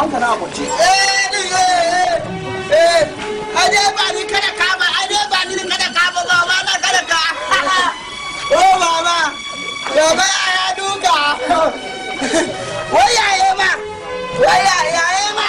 gaban eh, eh, eh, ka na abuci Ade ba ni kada ka ba, ba ni kada ka ba, ba ba na kada ka. Oh baba, baba ya duka. Wai ma, wai yaye ma.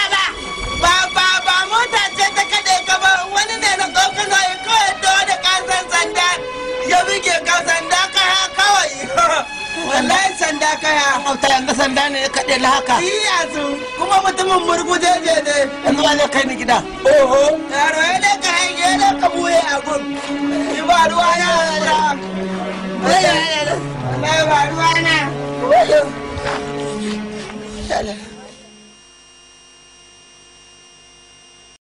da kaya hauta yan sanda ne kaɗe na haka iya su kuma mutumin murguje je ne yanzu ba zai kai ni gida oho yaro ya ne ka hange ne ka buye a gun yi ba ruwa na na ba ruwa na